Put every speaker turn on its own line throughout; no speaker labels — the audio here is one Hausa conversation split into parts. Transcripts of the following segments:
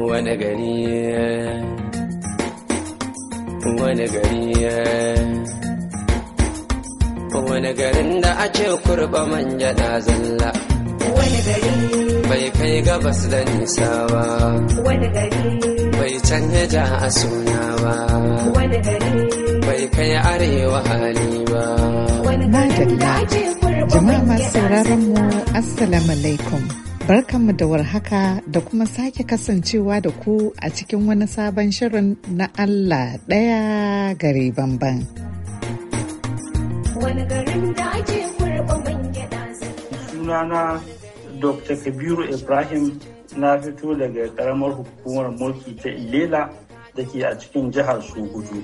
wani gari wani gari wani garin da a ce kurba manja na zalla wani gari bai kai gabas da nisa ba wani gari bai canja ja a suna ba wani gari bai kai arewa hali ba wani
gari da a ce kurba manja na zalla jama'a masu sauraron mu assalamu alaikum Barkanmu da warhaka da kuma sake kasancewa da ku a cikin wani sabon shirin na Allah ɗaya gare bamban.
Sunana Dr. Kabiru Ibrahim na fito daga ƙaramar hukumar mulki ta Ilela da ke a cikin jihar Sokoto.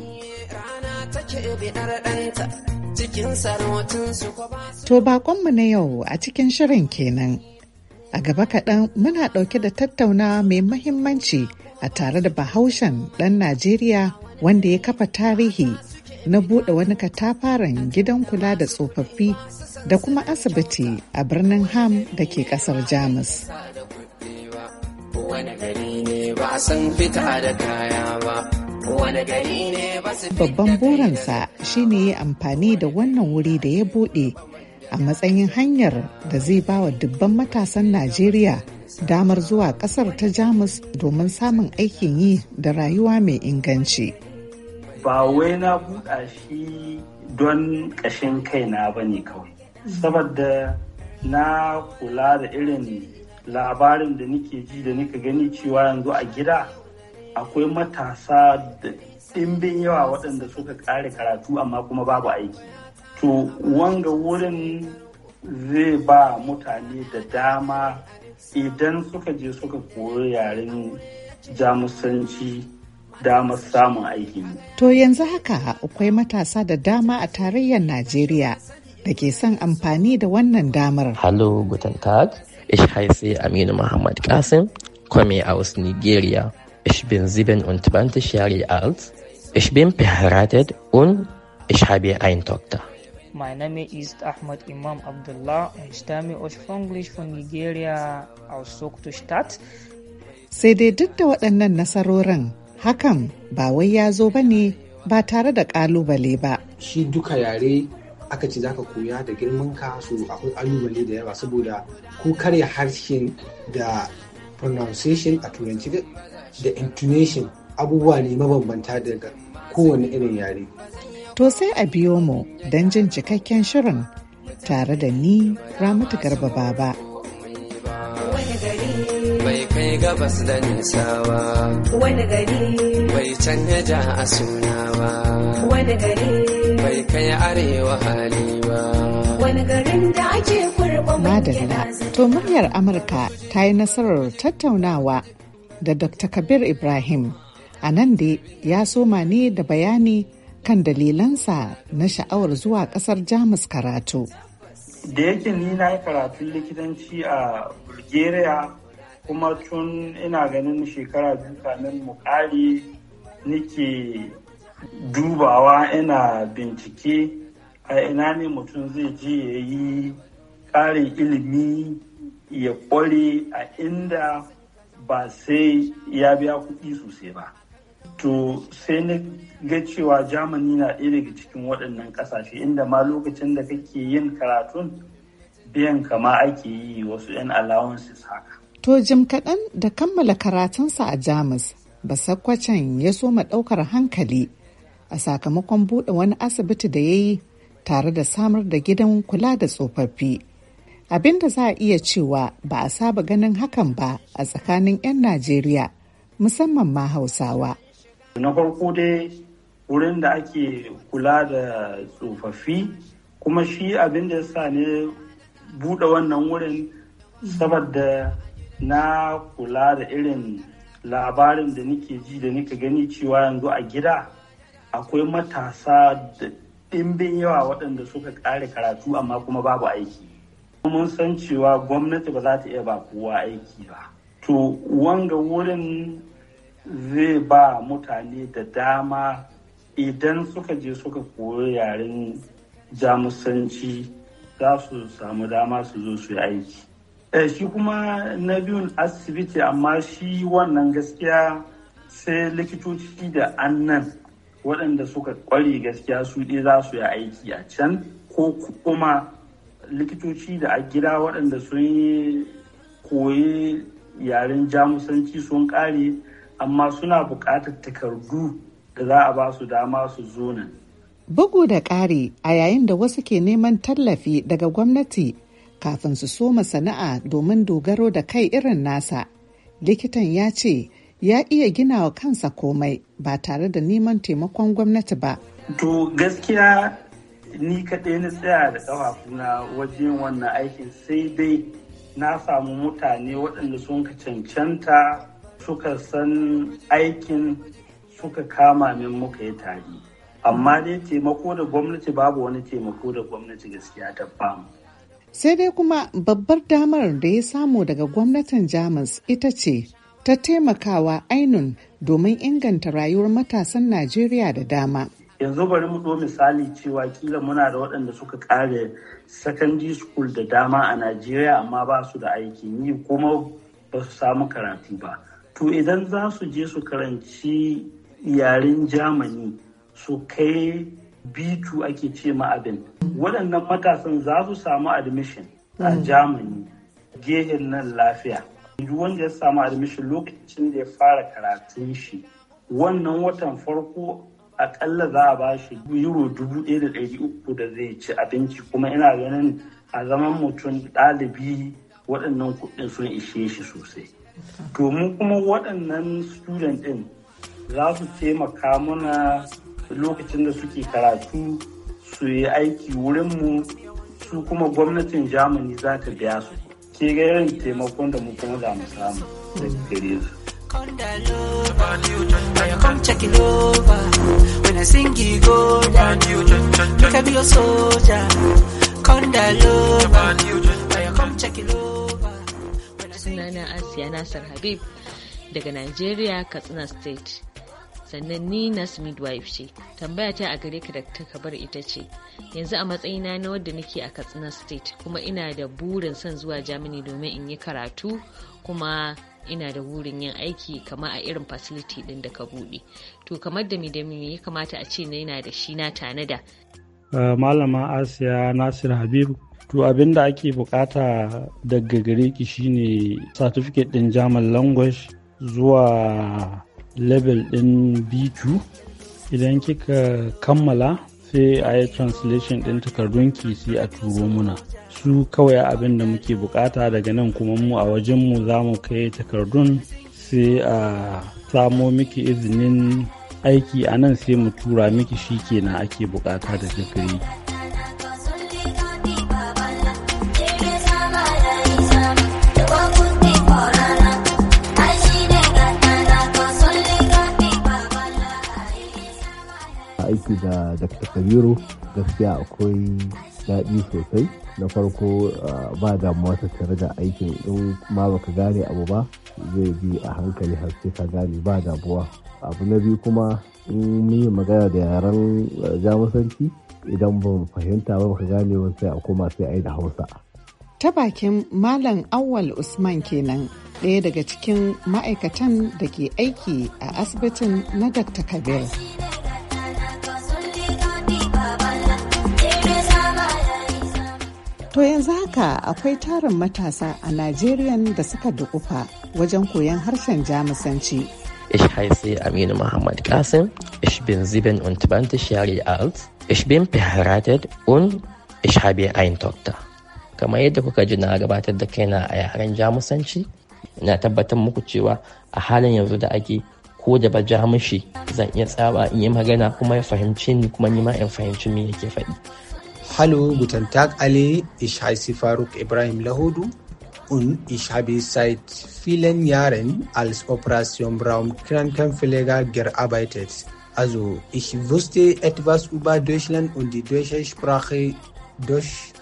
To bakonmu na yau a cikin shirin kenan. A gaba kaɗan muna ɗauke da tattauna mai mahimmanci a tare da bahaushen ɗan Najeriya wanda ya kafa tarihi na buɗe wani katafaren gidan kula da tsofaffi da kuma asibiti a birnin Ham da ke ƙasar Jamus. Babban burinsa shine ne amfani da wannan wuri da ya buɗe a matsayin hanyar da zai ba wa dubban matasan Najeriya damar zuwa kasar ta Jamus domin samun aikin yi da rayuwa mai inganci.
Ba wai na buɗa shi don ƙashin kaina ba ne kawai, saboda na kula da irin labarin da nike ji da nika gani cewa yanzu a gida akwai matasa da ɗimbin yawa waɗanda suka ƙare karatu amma kuma babu aiki. to wanga wurin zai ba mutane da dama idan suka je suka koyi yaren jamusanci damar samun aiki.
To yanzu haka akwai matasa da dama a tarayyar Najeriya da ke son amfani da wannan damar.
Hallo, guten Tag. Ich heiße Aminu Muhammad Kasim, komme aus Nigeria. Ich bin 27 Jahre alt. Ich bin verheiratet und ich habe eine Tochter. My name is Ahmad Imam Abdullah and of english from Nigeria, Ausok to start.
Sai dai duk da waɗannan nasarorin hakan ba wai ya zo bane ba tare da ƙalubale ba. Shi duka
yare aka ci zaka koya da girman ka su akwai ƙalubale da yawa saboda ko karya harshen da pronunciation a turanci da intonation abubuwa ne mabambanta daga kowane irin yare.
To sai a biyo mu don jin cikakken shirin tare da ni Ramatu Garba Baba.
Bai kai gabas da nisa ba, wani gari bai canja ja a suna ba, wani gari bai kai arewa hali ba, wani
garin da ake kurba Madalla, to muryar Amurka ta yi nasarar tattaunawa da Dr. Kabir Ibrahim. A nan dai ya soma ne da bayani kan dalilansa na sha'awar zuwa kasar Jamus karatu.
Da yake ni na yi karatun likitanci a Bulgaria kuma tun ina ganin shekara dukkanin mukari nike dubawa ina bincike a ina ne mutum zai je ya yi ƙarin ilimi ya ƙware a inda ba sai ya biya kuɗi sosai ba. to sai na ga cewa Germany na ɗaya daga cikin waɗannan ƙasashe inda ma lokacin da kake yin karatun biyan kama ake yi wasu 'yan allowances haka.
To jim kaɗan da kammala karatunsa a Jamus, ba Basakwacen ya soma ɗaukar hankali a sakamakon buɗe wani asibiti da ya yi tare da samar da gidan kula da tsofaffi. Abin da za a iya cewa ba a saba ganin hakan ba a tsakanin 'yan Najeriya, musamman ma Hausawa.
na farko dai wurin da ake kula da tsofaffi kuma shi abin da sa ne buɗe wannan wurin saboda na kula da irin labarin da nike ji da nika gani cewa yanzu a gida akwai matasa da ɗimbin yawa waɗanda suka ƙare karatu amma kuma babu aiki mun san cewa gwamnati ba za ta iya ba kowa aiki ba to wanga wurin zai ba mutane da dama idan suka je suka koyi yaren jamusanci za su samu dama su zo su yi aiki eh, shi kuma na biyun asibiti amma shi wannan gaskiya sai likitoci da annan waɗanda suka ƙware gaskiya su ɗe za su yi aiki a can ko kuma likitoci da a gida waɗanda sun yi koyi yaren jamusanci sun ƙare amma suna buƙatar takardu da za a ba su dama su zo nan.
Bugu da ƙari a yayin da wasu ke neman tallafi daga gwamnati kafin su soma sana'a domin dogaro da kai irin nasa. Likitan ya ce ya iya gina wa kansa komai ba tare da neman taimakon gwamnati ba.
To gaskiya ni kaɗai na tsaya da ƙafafuna wajen wannan aikin sai dai na samu mutane waɗanda sun ka cancanta suka san aikin suka kama min muka yi tari, amma dai taimako da gwamnati babu wani taimako da gwamnati gaskiya ta famu
sai dai kuma babbar damar da ya samu daga gwamnatin jamus ita ce ta taimakawa ainun domin inganta rayuwar matasan najeriya da dama
yanzu bari mu ɗo misali cewa kila muna da waɗanda suka ƙare secondary school da dama a najeriya amma ba su da aikin yi kuma ba su samu karatu ba to idan za su je su karanci yaren jamani su kai b2 ake ce ma abin waɗannan matasan za su samu admission a jamani hmm. gehen nan lafiya wanda ya samu admission lokacin da ya fara karatun shi wannan watan farko akalla za a bashi euro dubu ɗaya da ɗari uku da zai ci abinci kuma ina ganin a zaman mutum ɗalibi waɗannan kuɗin sun ishe shi sosai to mu kuma waɗannan student ɗin za su taimaka mana lokacin da suke karatu su yi aiki wurinmu su kuma gwamnatin germany za ta biya su ke ga taimakon da mu kuma za mu samu daga gare su
na asiya nasar habib daga nigeria katsina state sannan ni nas midwife ce tambaya ta a gare ka da ka bar ita ce yanzu a matsayina na wadda nake a katsina state kuma ina da burin son zuwa germany domin in yi karatu kuma ina da burin yin aiki kama a irin facility din da ka buɗe to kamar da midami ya kamata a ce na yana da shi na tanada
uh, malama asiya nasir habibu To abin da ake bukata daga gare ki shine certificate din German language zuwa level din B2. Idan kika kammala sai a yi translation din ki sai a turo muna. Su kawai abin da muke bukata daga nan kuma mu a wajenmu za mu kai takardun sai a samo miki izinin aiki a nan sai mu tura miki shi kenan ake bukata da gare aiki da Dr. Kabiru gaskiya akwai daɗi sosai na farko ba damuwa ta tare da aikin in ma baka gane abu ba zai bi a hankali har sai ka gane ba damuwa abu na biyu kuma in yi magana da yaren jamusanci idan ba mu fahimta ba baka gane wasu sai a koma sai a yi da hausa
ta bakin malam awal usman kenan ɗaya daga cikin ma'aikatan da ke aiki a asibitin na dr kabir. To yanzu haka akwai tarin matasa a Najeriya da suka dukufa wajen koyon harshen Jamusanci.
Ich heiße Aminu Muhammad Kasim, ich bin 27 Jahre alt, ich bin verheiratet und ich habe eine Tochter. Kamar yadda kuka ji na gabatar da kaina a yaren Jamusanci, ina tabbatar muku cewa a halin yanzu da ake ko da ba jamushi zan iya tsaba in yi magana kuma ya fahimci ni kuma ni ma in fahimci me yake faɗi. Hallo, guten Tag alle. Ich heiße Faruk Ibrahim Lahodu und ich habe seit vielen Jahren als Operation Braum Krankenpfleger gearbeitet. Also ich wusste etwas über Deutschland und die deutsche Sprache durch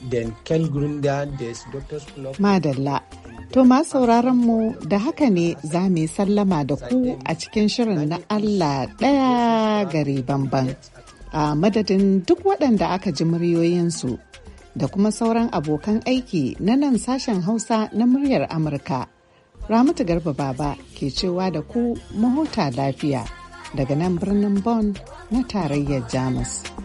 den Kerngründer des
Doctors Club. Madalla. Thomas ma sauraron mu da haka ne za mu sallama da ku a cikin shirin na Allah ɗaya gari bamban. a madadin duk waɗanda aka ji muryoyinsu da kuma sauran abokan aiki na nan sashen hausa na muryar amurka ramatu garba baba ke cewa da ku mahota lafiya daga nan birnin bonn na tarayyar jamus.